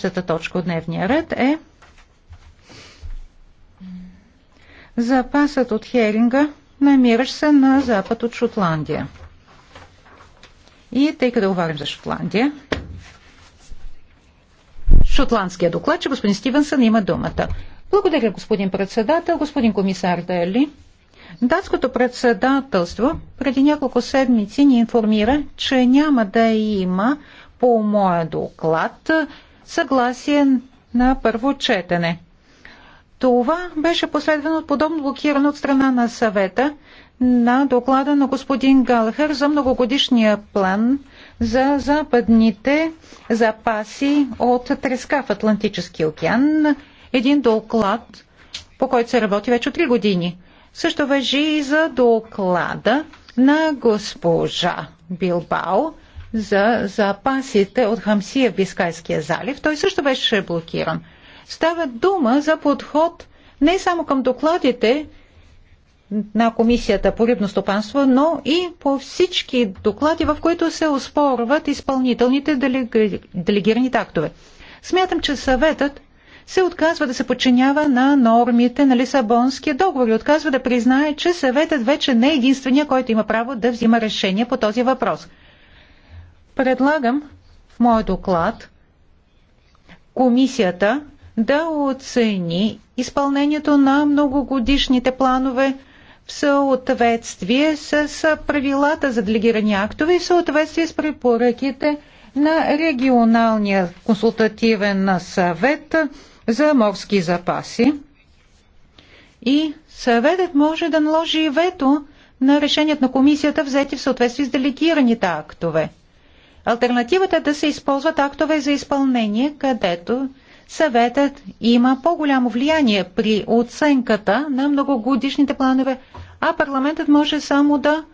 Следващата точка от дневния ред е запасът от херинга, намираш се на запад от Шотландия. И тъй като говорим за Шотландия, шотландския доклад, че господин Стивенсън има думата. Благодаря, господин председател, господин комисар Дели. Датското председателство преди няколко седмици ни информира, че няма да има по моя доклад съгласие на първо четене. Това беше последвано от подобно блокиране от страна на съвета на доклада на господин Галхер за многогодишния план за западните запаси от треска в Атлантическия океан. Един доклад, по който се работи вече от 3 години. Също въжи и за доклада на госпожа Билбао за запасите от Хамсия в Бискайския залив. Той също беше блокиран. Става дума за подход не само към докладите на Комисията по рибно стопанство, но и по всички доклади, в които се оспорват изпълнителните делегираните актове. Смятам, че съветът се отказва да се подчинява на нормите на Лисабонския договор и отказва да признае, че съветът вече не е единствения, който има право да взима решение по този въпрос. Предлагам в моят доклад комисията да оцени изпълнението на многогодишните планове в съответствие с правилата за делегирани актове и в съответствие с препоръките на регионалния консултативен съвет за морски запаси. И съветът може да наложи вето на решението на комисията, взети в съответствие с делегираните актове. Альтернативата е да се използват актове за изпълнение, където съветът има по-голямо влияние при оценката на многогодишните планове, а парламентът може само да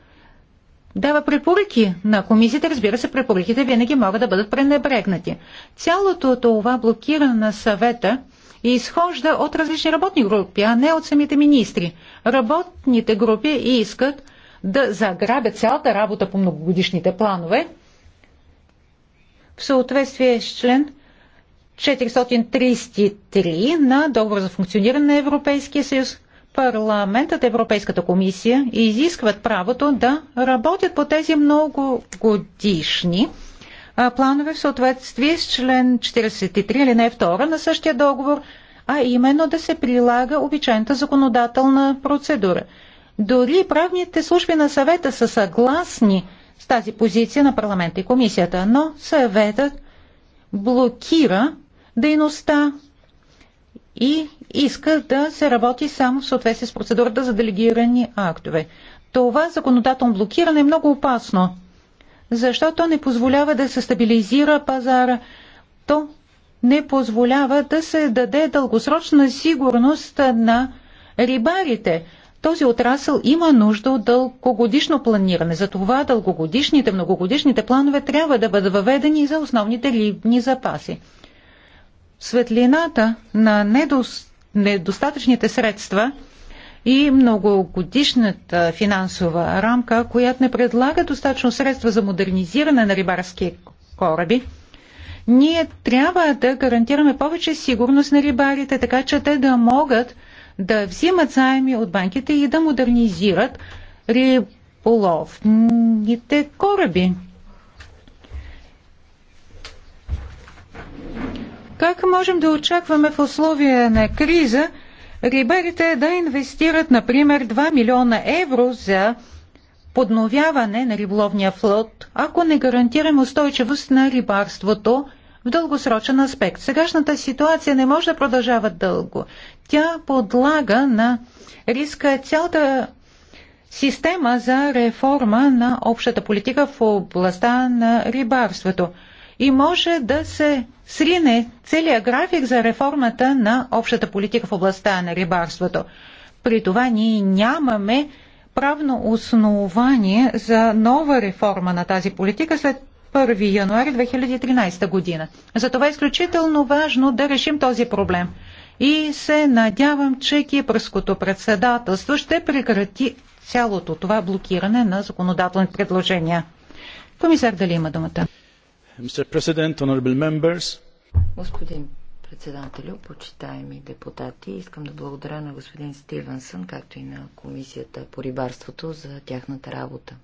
дава препоръки на комисията. Разбира се, препоръките винаги могат да бъдат пренебрегнати. Цялото това блокиране на съвета изхожда от различни работни групи, а не от самите министри. Работните групи искат да заграбят цялата работа по многогодишните планове, в съответствие с член 433 на Договор за функциониране на Европейския съюз, парламентът, Европейската комисия изискват правото да работят по тези многогодишни планове в съответствие с член 43 или не 2 на същия договор, а именно да се прилага обичайната законодателна процедура. Дори правните служби на съвета са съгласни – с тази позиция на парламента и комисията, но съветът блокира дейността и иска да се работи само в съответствие с процедурата за делегирани актове. Това законодателно блокиране е много опасно, защото не позволява да се стабилизира пазара, то не позволява да се даде дългосрочна сигурност на рибарите. Този отрасъл има нужда от дългогодишно планиране. Затова дългогодишните, многогодишните планове трябва да бъдат въведени за основните рибни запаси. Светлината на недос... недостатъчните средства и многогодишната финансова рамка, която не предлага достатъчно средства за модернизиране на рибарски кораби, ние трябва да гарантираме повече сигурност на рибарите, така че те да могат да взимат заеми от банките и да модернизират риболовните кораби. Как можем да очакваме в условия на криза рибарите да инвестират, например, 2 милиона евро за подновяване на риболовния флот, ако не гарантираме устойчивост на рибарството – в дългосрочен аспект. Сегашната ситуация не може да продължава дълго. Тя подлага на риска цялата система за реформа на общата политика в областта на рибарството и може да се срине целият график за реформата на общата политика в областта на рибарството. При това ние нямаме правно основание за нова реформа на тази политика след 1 януари 2013 година. Затова е изключително важно да решим този проблем. И се надявам, че кипърското председателство ще прекрати цялото това блокиране на законодателни предложения. Комисар, дали има думата? Господин председателю, почитаеми депутати, искам да благодаря на господин Стивенсън, както и на Комисията по рибарството за тяхната работа.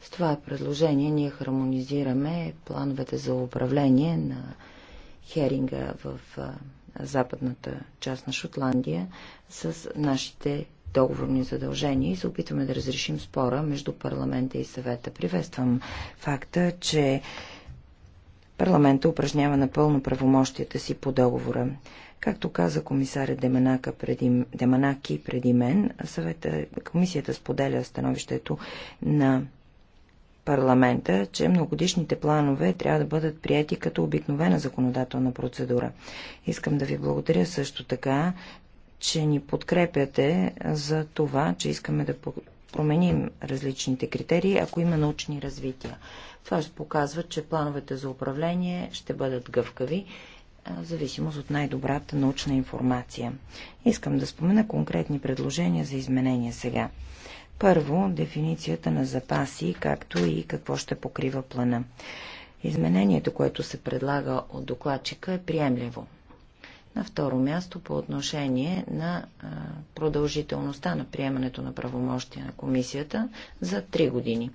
С това предложение ние хармонизираме плановете за управление на херинга в западната част на Шотландия с нашите договорни задължения и се опитваме да разрешим спора между парламента и съвета. Приветствам факта, че парламента упражнява напълно правомощията си по договора. Както каза комисаря Деманака преди, Деманаки преди мен, съвета, комисията споделя становището на парламента, че многодишните планове трябва да бъдат прияти като обикновена законодателна процедура. Искам да ви благодаря също така, че ни подкрепяте за това, че искаме да променим различните критерии, ако има научни развития. Това ще показва, че плановете за управление ще бъдат гъвкави, в зависимост от най-добрата научна информация. Искам да спомена конкретни предложения за изменения сега. Първо, дефиницията на запаси, както и какво ще покрива плана. Изменението, което се предлага от докладчика, е приемливо. На второ място, по отношение на продължителността на приемането на правомощия на комисията за 3 години.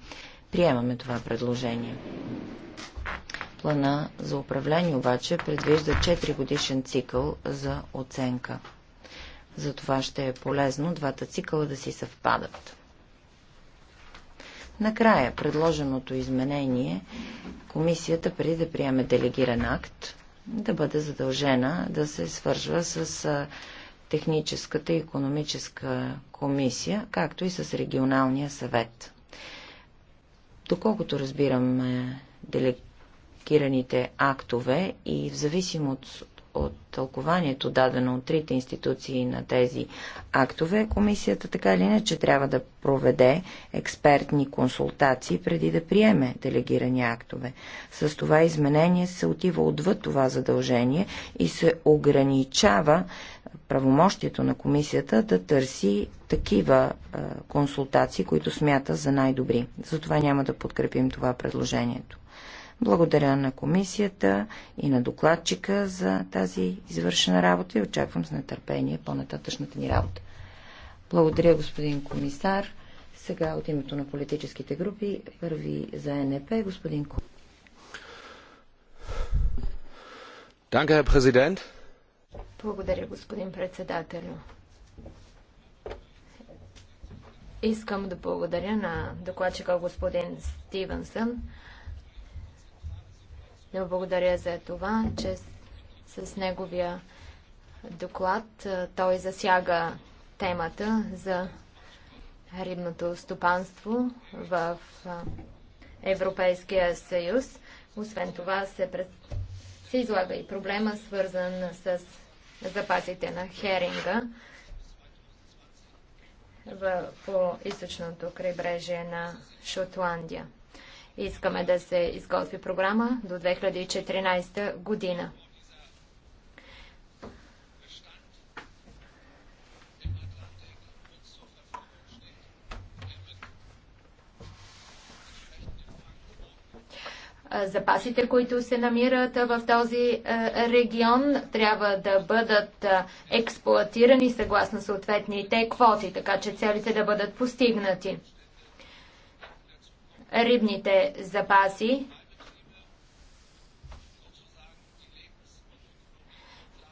Приемаме това предложение. Плана за управление обаче предвижда 4 годишен цикъл за оценка. Затова ще е полезно двата цикъла да си съвпадат. Накрая, предложеното изменение, комисията преди да приеме делегиран акт, да бъде задължена да се свържва с техническата и економическа комисия, както и с регионалния съвет. Доколкото разбираме делегираните актове и в зависимост от тълкованието, дадено от трите институции на тези актове, комисията така или иначе трябва да проведе експертни консултации преди да приеме делегирани актове. С това изменение се отива отвъд това задължение и се ограничава правомощието на комисията да търси такива консултации, които смята за най-добри. Затова няма да подкрепим това предложението. Благодаря на комисията и на докладчика за тази извършена работа и очаквам с нетърпение по-нататъчната ни работа. Благодаря, господин комисар. Сега от името на политическите групи, първи за НП, господин Ку. Данка, президент. Благодаря, господин председател. Искам да благодаря на докладчика господин Стивенсън да благодаря за това, че с, с неговия доклад той засяга темата за рибното стопанство в Европейския съюз. Освен това се, пред... се излага и проблема, свързан с запасите на херинга в... по източното крайбрежие на Шотландия. Искаме да се изготви програма до 2014 година. запасите, които се намират в този е, регион, трябва да бъдат е, експлуатирани съгласно съответните квоти, така че целите да бъдат постигнати рибните запаси.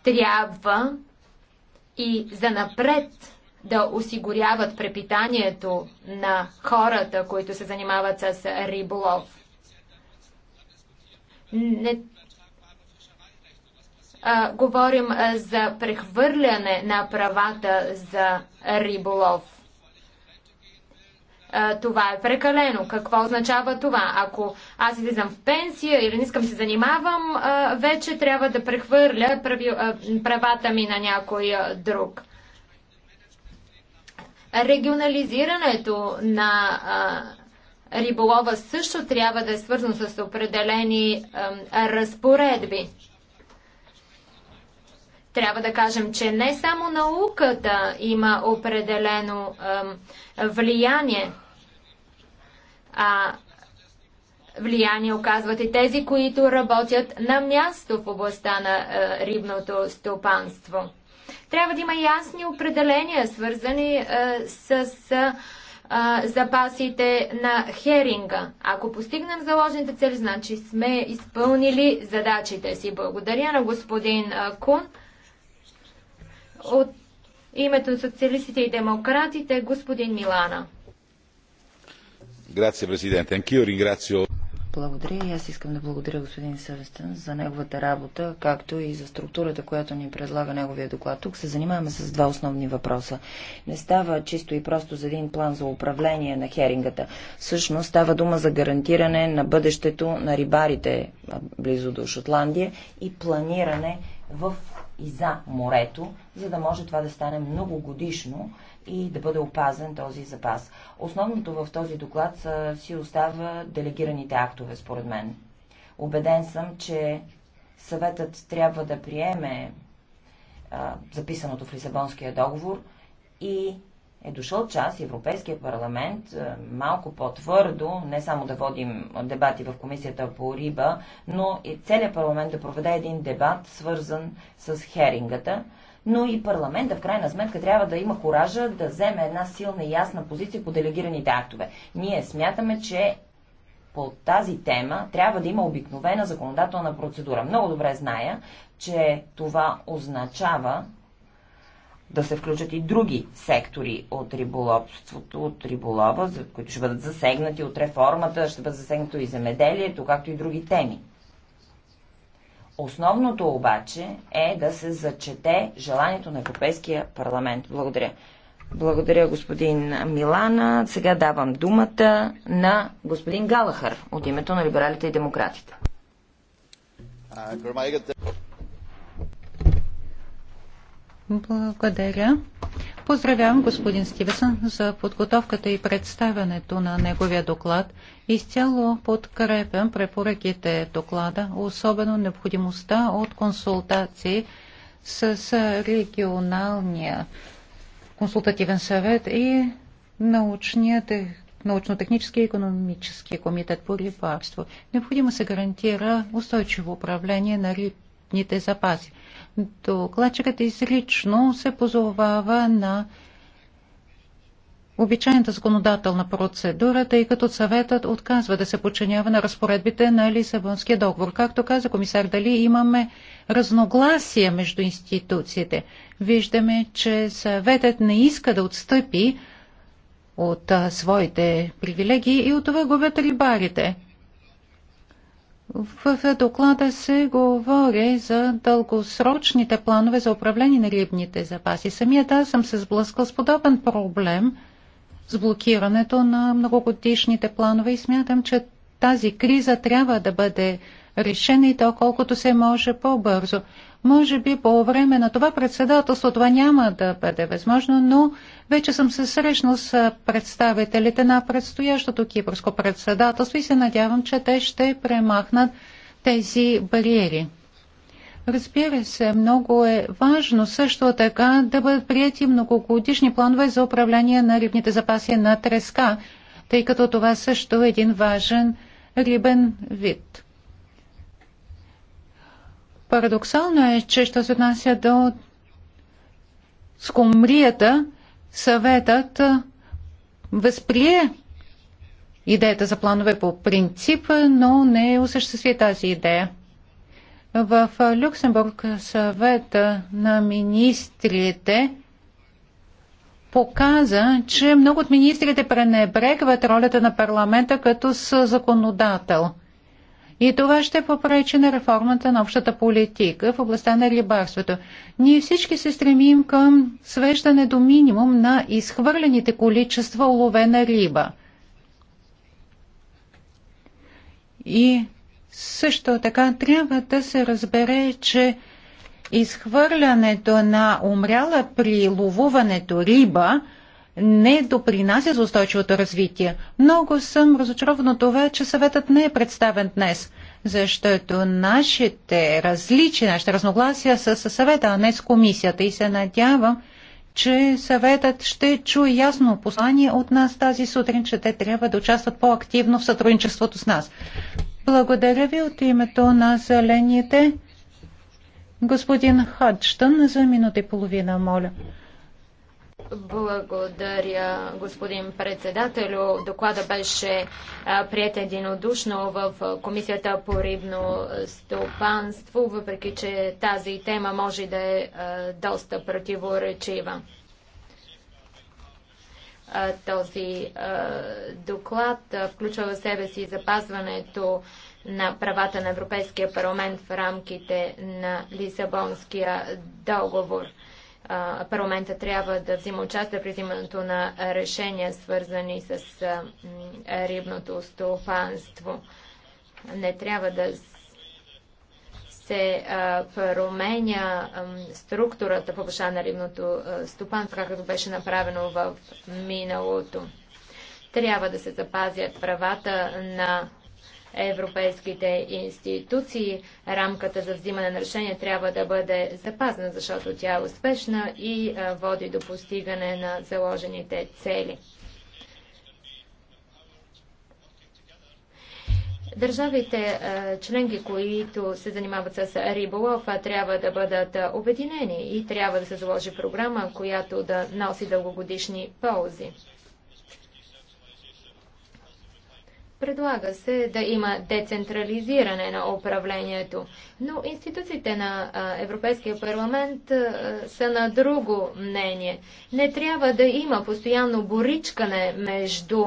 Трябва и занапред да осигуряват препитанието на хората, които се занимават с риболов. Не... А, говорим за прехвърляне на правата за риболов това е прекалено. Какво означава това? Ако аз излизам в пенсия или не искам се занимавам, вече трябва да прехвърля правата ми на някой друг. Регионализирането на риболова също трябва да е свързано с определени разпоредби. Трябва да кажем, че не само науката има определено е, влияние, а влияние оказват и тези, които работят на място в областта на е, рибното стопанство. Трябва да има ясни определения, свързани е, с е, запасите на херинга. Ако постигнем заложените цели, значи сме изпълнили задачите си. Благодаря на господин е, Кун. От името на социалистите и демократите, господин Милана. Grazie, Presidente. Anch'io ringrazio благодаря и аз искам да благодаря господин Съвестен за неговата работа, както и за структурата, която ни предлага неговия доклад. Тук се занимаваме с два основни въпроса. Не става чисто и просто за един план за управление на херингата. Всъщност става дума за гарантиране на бъдещето на рибарите близо до Шотландия и планиране в и за морето, за да може това да стане многогодишно и да бъде опазен този запас. Основното в този доклад си остава делегираните актове, според мен. Обеден съм, че съветът трябва да приеме а, записаното в Лисабонския договор и е дошъл час Европейския парламент е, малко по-твърдо, не само да водим дебати в комисията по риба, но и целият парламент да проведе един дебат, свързан с херингата, но и парламента в крайна сметка трябва да има коража да вземе една силна и ясна позиция по делегираните актове. Ние смятаме, че по тази тема трябва да има обикновена законодателна процедура. Много добре зная, че това означава да се включат и други сектори от риболовството, от риболова, за които ще бъдат засегнати от реформата, ще бъдат засегнато и земеделието, както и други теми. Основното обаче е да се зачете желанието на Европейския парламент. Благодаря. Благодаря, господин Милана. Сега давам думата на господин Галахър от името на либералите и демократите. Благодаря. Поздравявам господин Стивесън за подготовката и представянето на неговия доклад. Изцяло подкрепям препоръките доклада, особено необходимостта от консултации с регионалния консултативен съвет и научният научно-технически и економически комитет по рибарство. Необходимо се гарантира устойчиво управление на рибарството нефтните запаси. Докладчикът изрично се позовава на обичайната законодателна процедура, тъй като съветът отказва да се подчинява на разпоредбите на Лисабонския договор. Както каза комисар Дали, имаме разногласия между институциите. Виждаме, че съветът не иска да отстъпи от своите привилегии и от това губят рибарите. В доклада се говори за дългосрочните планове за управление на рибните запаси. Самият аз съм се сблъскал с подобен проблем с блокирането на многогодишните планове и смятам, че тази криза трябва да бъде решена и то колкото се може по-бързо. Може би по време на това председателство това няма да бъде възможно, но вече съм се срещнал с представителите на предстоящото кипърско председателство и се надявам, че те ще премахнат тези бариери. Разбира се, много е важно също така да бъдат прияти многогодишни планове за управление на рибните запаси на треска, тъй като това също е един важен рибен вид. Парадоксално е, че що се отнася до скумрията, съветът възприе идеята за планове по принцип, но не осъществи тази идея. В Люксембург съвета на министрите показа, че много от министрите пренебрегват ролята на парламента като законодател. И това ще попречи на реформата на общата политика в областта на рибарството. Ние всички се стремим към свеждане до минимум на изхвърлените количества уловена риба. И също така трябва да се разбере, че изхвърлянето на умряла при ловуването риба – не допринася за устойчивото развитие. Много съм разочарован от това, че съветът не е представен днес, защото нашите различия, нашите разногласия са със съвета, а не с комисията. И се надявам, че съветът ще чуе ясно послание от нас тази сутрин, че те трябва да участват по-активно в сътрудничеството с нас. Благодаря ви от името на зелените. Господин Хаджтън за минута и половина, моля. Благодаря, господин председател. Доклада беше прият единодушно в Комисията по рибно стопанство, въпреки че тази тема може да е доста противоречива. Този доклад включва в себе си запазването на правата на Европейския парламент в рамките на Лисабонския договор – парламента трябва да взима участие при взимането на решения, свързани с рибното стопанство. Не трябва да се променя структурата по въща на рибното стопанство, както беше направено в миналото. Трябва да се запазят правата на европейските институции. Рамката за взимане на решение трябва да бъде запазна, защото тя е успешна и води до постигане на заложените цели. Държавите членки, които се занимават с риболов, трябва да бъдат обединени и трябва да се заложи програма, която да носи дългогодишни ползи. Предлага се да има децентрализиране на управлението, но институциите на Европейския парламент са на друго мнение. Не трябва да има постоянно боричкане между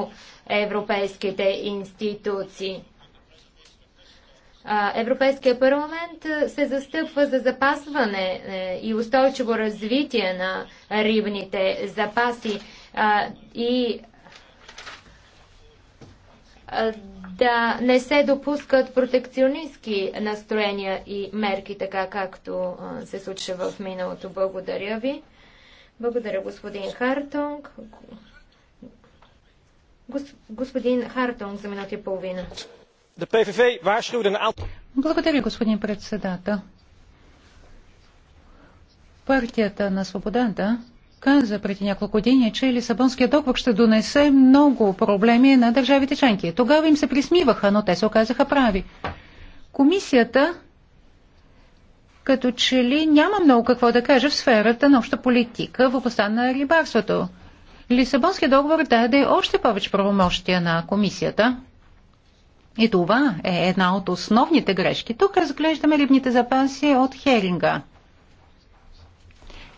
европейските институции. Европейския парламент се застъпва за запасване е, и устойчиво развитие на рибните запаси и да не се допускат протекционистки настроения и мерки, така както се случва в миналото. Благодаря ви. Благодаря, господин Хартонг. господин Хартонг за минута и половина. Благодаря, господин председател. Партията на свободата каза преди няколко дни, че Лисабонския договор ще донесе много проблеми на държавите членки. Тогава им се присмиваха, но те се оказаха прави. Комисията като че ли няма много какво да каже в сферата на обща политика в областта на рибарството. Лисабонския договор даде още повече правомощия на комисията. И това е една от основните грешки. Тук разглеждаме рибните запаси от херинга.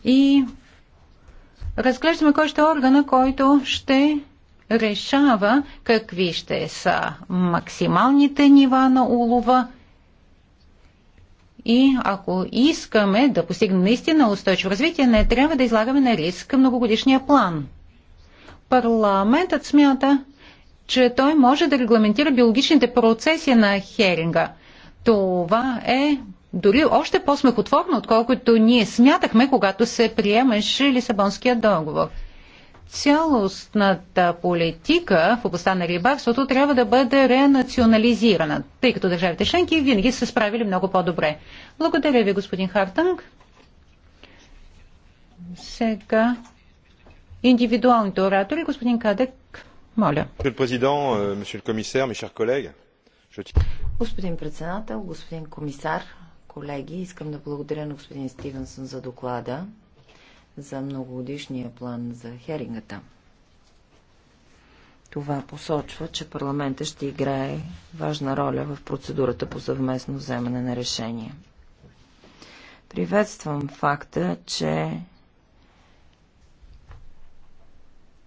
И разглеждаме кой ще е органа, който ще решава какви ще са максималните нива на улова и ако искаме да постигнем наистина устойчиво развитие, не трябва да излагаме на риск многогодишния план. Парламентът смята, че той може да регламентира биологичните процеси на херинга. Това е дори още по-смехотворно, отколкото ние смятахме, когато се приемаше Лисабонския договор. Цялостната политика в областта на рибарството трябва да бъде ренационализирана, тъй като държавите членки винаги са справили много по-добре. Благодаря ви, господин Хартанг. Сега индивидуалните оратори. Господин Кадек, моля. Euh, господин председател, господин комисар, колеги, искам да благодаря на господин Стивенсън за доклада за многогодишния план за херингата. Това посочва, че парламента ще играе важна роля в процедурата по съвместно вземане на решение. Приветствам факта, че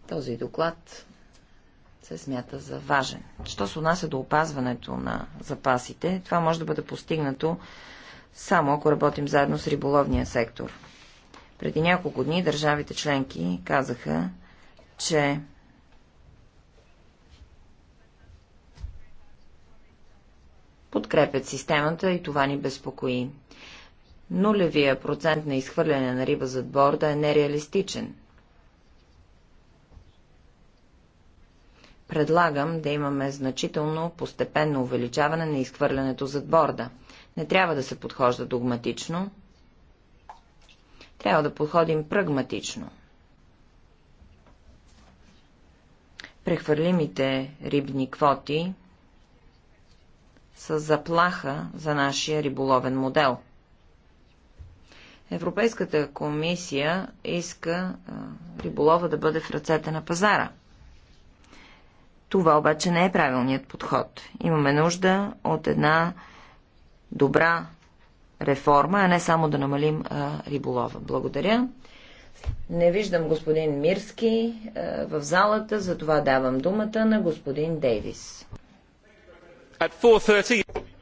този доклад се смята за важен. Що се отнася до опазването на запасите, това може да бъде постигнато само ако работим заедно с риболовния сектор. Преди няколко дни държавите членки казаха, че подкрепят системата и това ни безпокои. Нулевия процент на изхвърляне на риба зад борда е нереалистичен. Предлагам да имаме значително постепенно увеличаване на изхвърлянето зад борда – не трябва да се подхожда догматично. Трябва да подходим прагматично. Прехвърлимите рибни квоти са заплаха за нашия риболовен модел. Европейската комисия иска риболова да бъде в ръцете на пазара. Това обаче не е правилният подход. Имаме нужда от една добра реформа, а не само да намалим а, риболова. Благодаря. Не виждам господин Мирски а, в залата, затова давам думата на господин Дейвис.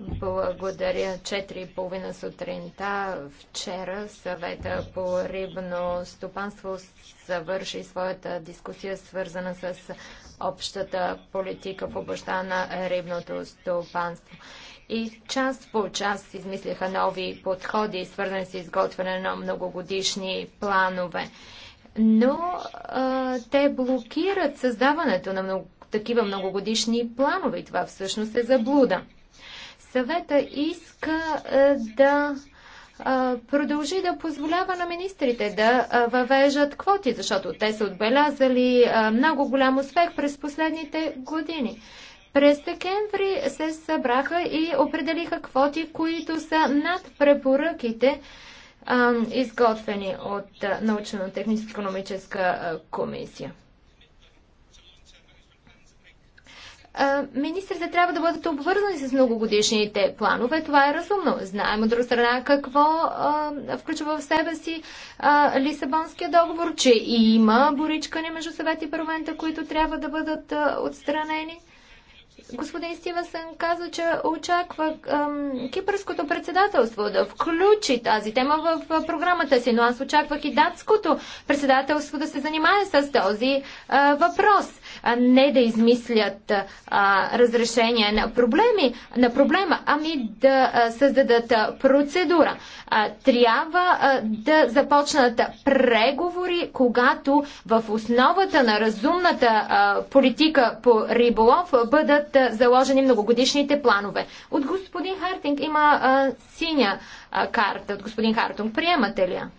Благодаря. 4.30 сутринта вчера съвета по рибно стопанство завърши своята дискусия, свързана с общата политика в областта на рибното стопанство. И част по част измисляха нови подходи, свързани с изготвяне на многогодишни планове. Но а, те блокират създаването на много, такива многогодишни планове и това всъщност е заблуда. Съвета иска а, да продължи да позволява на министрите да въвежат квоти, защото те са отбелязали много голям успех през последните години. През декември се събраха и определиха квоти, които са над препоръките, изготвени от научно-техническо-економическа комисия. министрите трябва да бъдат обвързани с многогодишните планове. Това е разумно. Знаем от друга страна какво а, включва в себе си а, Лисабонския договор, че има боричкане между съвет и парламента, които трябва да бъдат а, отстранени. Господин Стивенсън каза, че очаква ем, кипърското председателство да включи тази тема в, програмата си, но аз очаквах и датското председателство да се занимае с този е, въпрос, а не да измислят е, разрешение на, проблеми, на проблема, ами да е, създадат процедура. Е, трябва е, да започнат преговори, когато в основата на разумната е, политика по риболов бъдат бъдат заложени многогодишните планове. От господин Хартинг има а, синя а, карта. От господин Хартинг приемате ли я?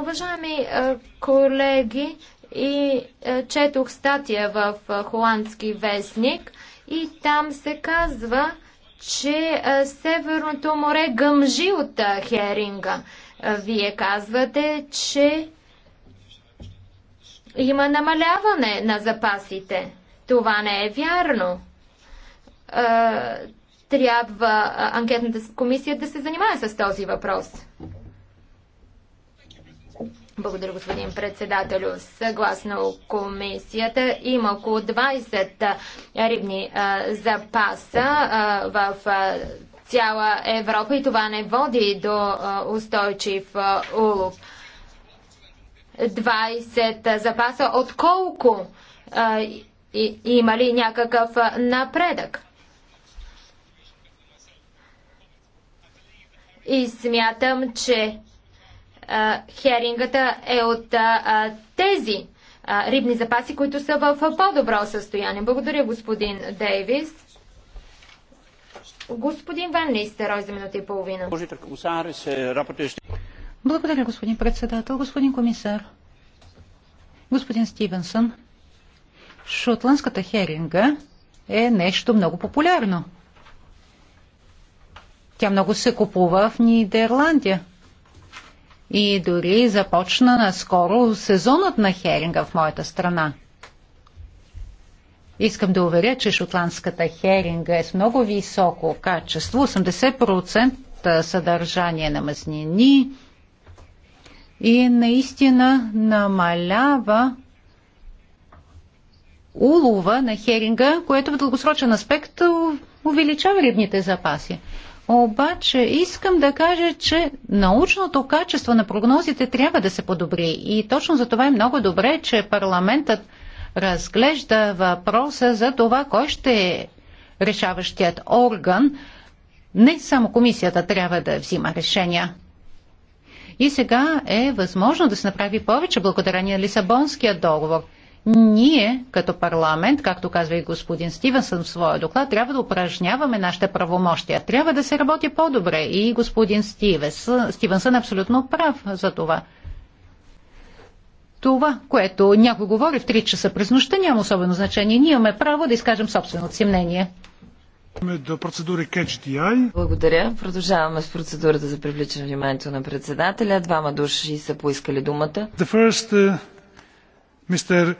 Уважаеми а, колеги, и а, четох статия в а, холандски вестник и там се казва, че а, Северното море гъмжи от а, херинга. А, вие казвате, че има намаляване на запасите. Това не е вярно. Трябва анкетната комисия да се занимае с този въпрос. Благодаря, господин председателю. Съгласно комисията има около 20 рибни а, запаса а, в а, цяла Европа и това не води до устойчив улов. 20 запаса от колко? и, има ли някакъв напредък? И смятам, че а, херингата е от а, тези а, рибни запаси, които са в по-добро състояние. Благодаря, господин Дейвис. Господин Ван рой за минута и половина. Eh, Благодаря, господин председател. Господин комисар. Господин Стивенсън. Шотландската херинга е нещо много популярно. Тя много се купува в Нидерландия. И дори започна наскоро сезонът на херинга в моята страна. Искам да уверя, че шотландската херинга е с много високо качество, 80% съдържание на мазнини и наистина намалява улова на херинга, което в дългосрочен аспект увеличава рибните запаси. Обаче искам да кажа, че научното качество на прогнозите трябва да се подобри. И точно за това е много добре, че парламентът разглежда въпроса за това, кой ще е решаващият орган. Не само комисията трябва да взима решения. И сега е възможно да се направи повече благодарение на Лисабонския договор – ние, като парламент, както казва и господин Стивенсън в своя доклад, трябва да упражняваме нашите правомощия. Трябва да се работи по-добре и господин Стивес, Стивенсън е абсолютно прав за това. Това, което някой говори в 3 часа през нощта, няма особено значение. Ние имаме право да изкажем собственото си мнение. До процедури CatchDI. Благодаря. Продължаваме с процедурата за привличане вниманието на председателя. Двама души са поискали думата. The first, uh... Господин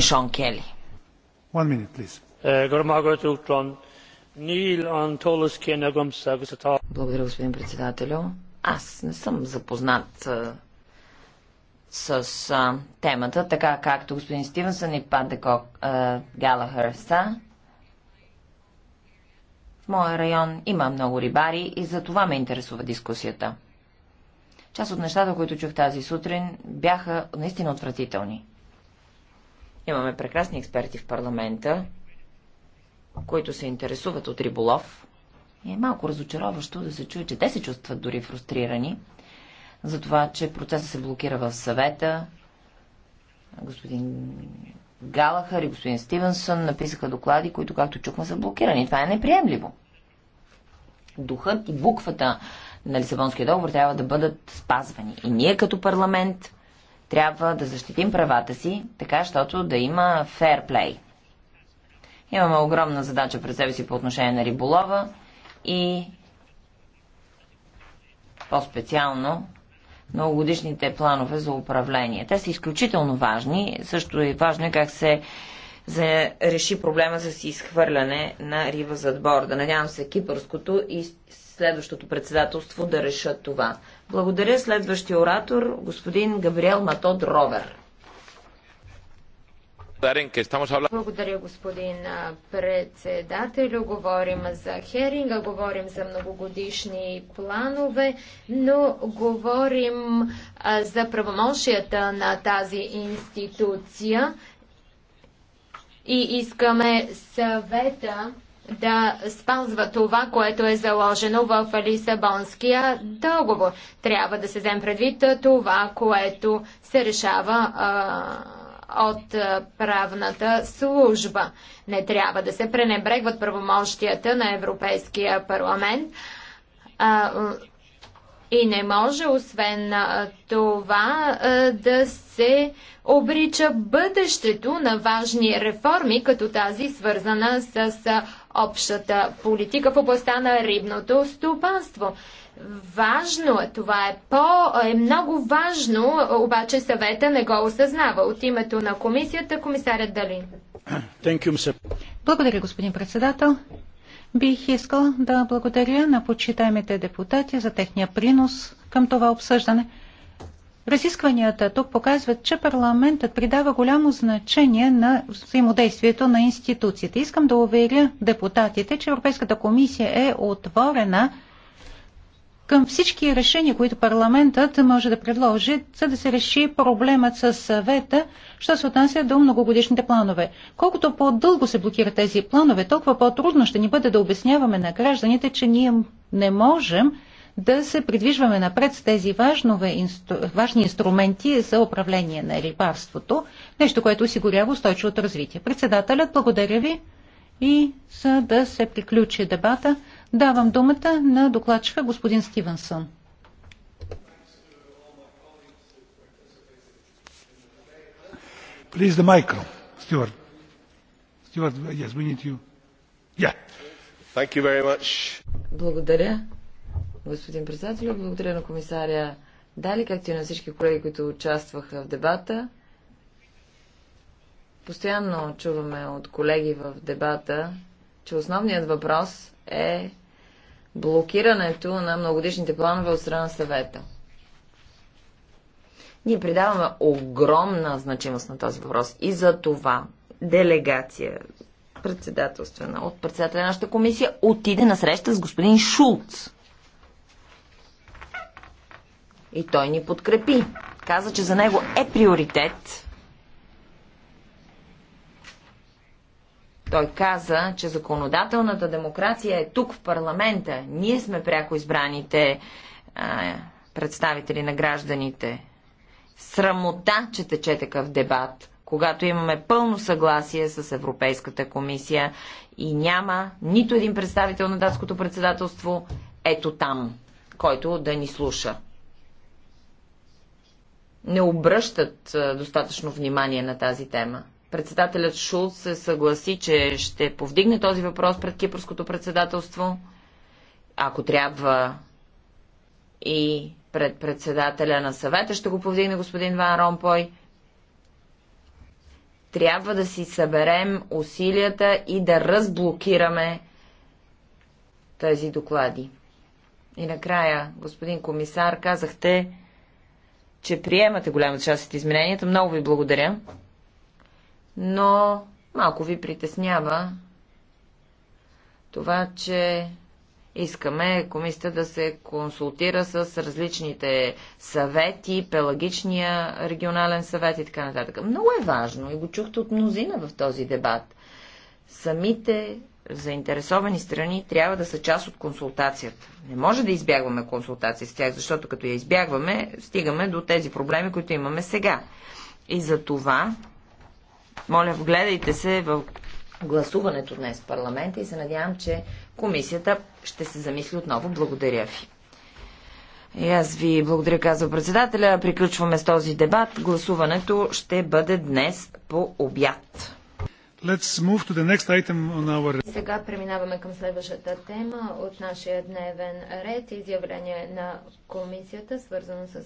Шон Кели. One minute, please. Е, е е Благодаря, господин председателю. Аз не съм запознат с а, темата, така както господин Стивенсън и Декок Галахър са. В моя район има много рибари и за това ме интересува дискусията. Част от нещата, които чух тази сутрин, бяха наистина отвратителни. Имаме прекрасни експерти в парламента, които се интересуват от риболов. И е малко разочароващо да се чуе, че те се чувстват дори фрустрирани за това, че процесът се блокира в съвета. Господин Галахър и господин Стивенсън написаха доклади, които, както чухме, са блокирани. Това е неприемливо. Духът и буквата на Лисабонския договор трябва да бъдат спазвани. И ние като парламент трябва да защитим правата си, така, щото да има фейрплей. Имаме огромна задача пред себе си по отношение на риболова и по-специално многогодишните планове за управление. Те са изключително важни. Също е важно и как се за реши проблема с изхвърляне на риба зад борда. Надявам се кипърското и следващото председателство да решат това. Благодаря следващия оратор, господин Габриел Матод Ровер. Благодаря, господин председател, Говорим за херинга, говорим за многогодишни планове, но говорим за правомощията на тази институция и искаме съвета да спазва това, което е заложено в Лисабонския договор. Трябва да се вземе предвид това, което се решава а, от правната служба. Не трябва да се пренебрегват правомощията на Европейския парламент. А, и не може, освен това, да се обрича бъдещето на важни реформи, като тази свързана с общата политика в областта на рибното стопанство. Важно е, това е по, е много важно, обаче съвета не го осъзнава. От името на комисията, комисарят Далин. Благодаря, господин председател. Бих искал да благодаря на почитаемите депутати за техния принос към това обсъждане. Разискванията тук показват, че парламентът придава голямо значение на взаимодействието на институциите. Искам да уверя депутатите, че Европейската комисия е отворена към всички решения, които парламентът може да предложи, за да се реши проблемът с съвета, що се отнася до многогодишните планове. Колкото по-дълго се блокират тези планове, толкова по-трудно ще ни бъде да обясняваме на гражданите, че ние не можем да се придвижваме напред с тези важнове, инстру, важни инструменти за управление на рибарството, нещо, което осигурява устойчивото развитие. Председателят, благодаря ви и за да се приключи дебата, давам думата на докладчика господин Стивенсън. Please the micro, Stuart. Stuart, yes, we need you. Yeah. Thank you very much. Благодаря господин председател. Благодаря на комисаря Дали, както и на всички колеги, които участваха в дебата. Постоянно чуваме от колеги в дебата, че основният въпрос е блокирането на многодишните планове от страна на съвета. Ние придаваме огромна значимост на този въпрос и за това делегация председателствена от председателя на нашата комисия отиде на среща с господин Шулц. И той ни подкрепи. Каза, че за него е приоритет. Той каза, че законодателната демокрация е тук в парламента. Ние сме пряко избраните а, представители на гражданите. Срамота, че тече такъв дебат, когато имаме пълно съгласие с Европейската комисия и няма нито един представител на датското председателство ето там, който да ни слуша не обръщат достатъчно внимание на тази тема. Председателят Шулц се съгласи, че ще повдигне този въпрос пред Кипърското председателство, ако трябва и пред председателя на съвета ще го повдигне господин Ван Ромпой. Трябва да си съберем усилията и да разблокираме тези доклади. И накрая, господин комисар, казахте, че приемате голяма част от измененията. Много ви благодаря. Но малко ви притеснява това, че искаме комисията да се консултира с различните съвети, пелагичния регионален съвет и така нататък. Много е важно и го чухте от мнозина в този дебат. Самите заинтересовани страни трябва да са част от консултацията. Не може да избягваме консултация с тях, защото като я избягваме, стигаме до тези проблеми, които имаме сега. И за това, моля, вгледайте се в гласуването днес в парламента и се надявам, че комисията ще се замисли отново. Благодаря ви. И аз ви благодаря, казва председателя. Приключваме с този дебат. Гласуването ще бъде днес по обяд. Our... Сега преминаваме към следващата тема от нашия дневен ред изявление на комисията, свързано с